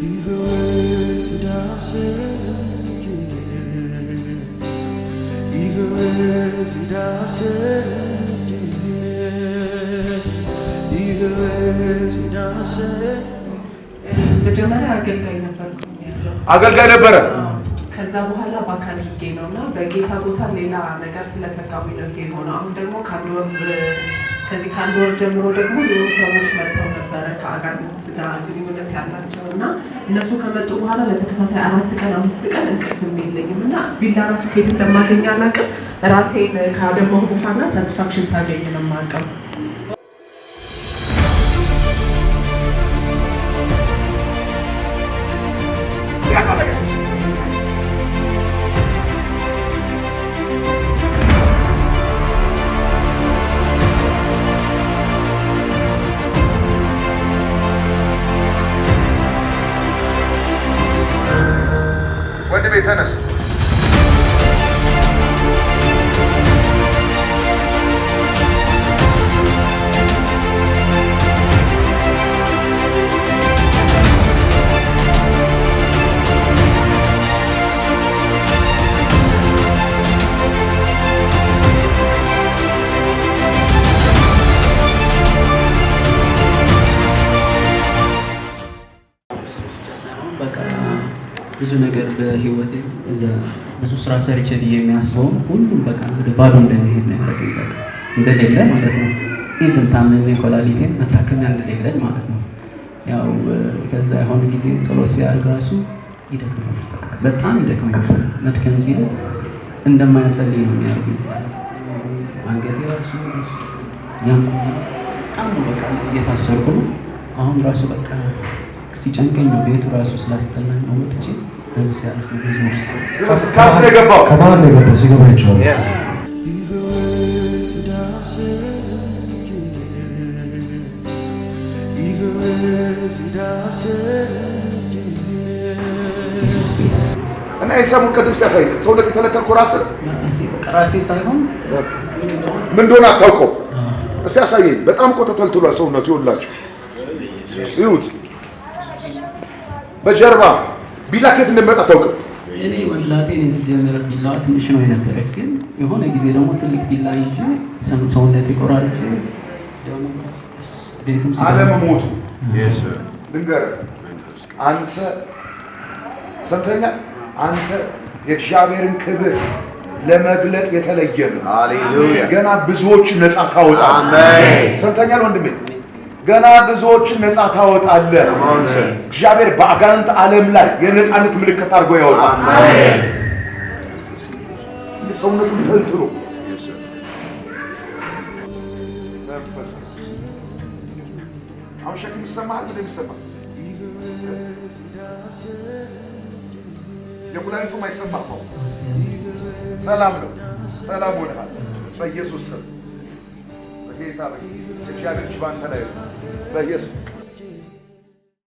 መጀመሪያ አገልጋይ ነበር አገልጋይ ነበረ። ከዛ በኋላ በአካል ሂጌ ነው እና በጌታ ቦታ ሌላ ነገር ስለተካሚ ነው ይሄ ሆነ። አሁን ደግሞ ከአንድ ወር ከዚህ ከአንድ ወር ጀምሮ ደግሞ የሆኑ ሰዎች ከአጋንንት ጋር ግንኙነት ያላቸው እና እነሱ ከመጡ በኋላ ለተከታታይ አራት ቀን አምስት ቀን እንቅልፍም የለኝም እና ቢላ ራሱ ከየት እንደማገኝ አላውቅም። ራሴን ካደማሁ በኋላ ሳቲስፋክሽን ሳገኝ ነው የማውቀው። ganas. ብዙ ነገር በህይወት እዛ ብዙ ስራ ሰርቼ ብዬ የሚያስበውም ሁሉም በቃ ወደ ባዶ እንደሚሄድ ነው ያደረገኝ። በቃ እንደሌለ ማለት ነው። ኢቨን ታምሜ ኮላሊቴን መታከሚያ እንደሌለን ማለት ነው። ያው ከዛ የሆነ ጊዜ ጸሎት ሲያደርግ ራሱ ይደክመኛል፣ በጣም ይደክመኛል። መድከም ሲል እንደማያጸልይ ነው የሚያደርጉኝ። አንገቴ ራሱ ያም በጣም በቃ እየታሰርኩ ነው አሁን ራሱ በቃ ሲጨንቀኝ ነው ቤቱ ራሱ ስላስጠላኝ ነው ወጥቼ በዚህ ሲያልፍ ነው የገባው። ከማን ነው የገባው? ሲገባቸዋል እና የሰሙን ቅድም ሲያሳይ ሰውነት የተለተልኮ ራስ ራሴ ሳይሆን ምን እንደሆነ አታውቀው። እስቲ ያሳየኝ። በጣም ቆተተልትሏል ሰውነቱ ይውላቸው ይሁት በጀርባ ቢላ ከየት እንደሚመጣ አታውቅም። እኔ ወላጤ ነኝ። ሲጀምር ቢላ ትንሽ ነው የነበረች፣ ግን የሆነ ጊዜ ደግሞ ትልቅ ቢላ ይዤ ሰውነት ይቆራል። አለመሞቱ ልንገርህ፣ አንተ ሰምተኛ፣ አንተ የእግዚአብሔርን ክብር ለመግለጥ የተለየ ነው። ገና ብዙዎች ነፃ ካወጣ ሰምተኛል ወንድሜ ገና ብዙዎችን ነፃ ታወጣለ። እግዚአብሔር በአጋንንት ዓለም ላይ የነፃነት ምልክት አድርጎ ያወጣል። ሰውነቱን ተንትኖ አሁን የኩላሊቱም አይሰማም። ሰላም ነው። ሰላም ሆነሃል በኢየሱስ ስም ጌታ በእግዚአብሔር ሽፋን ሰላዩ በኢየሱስ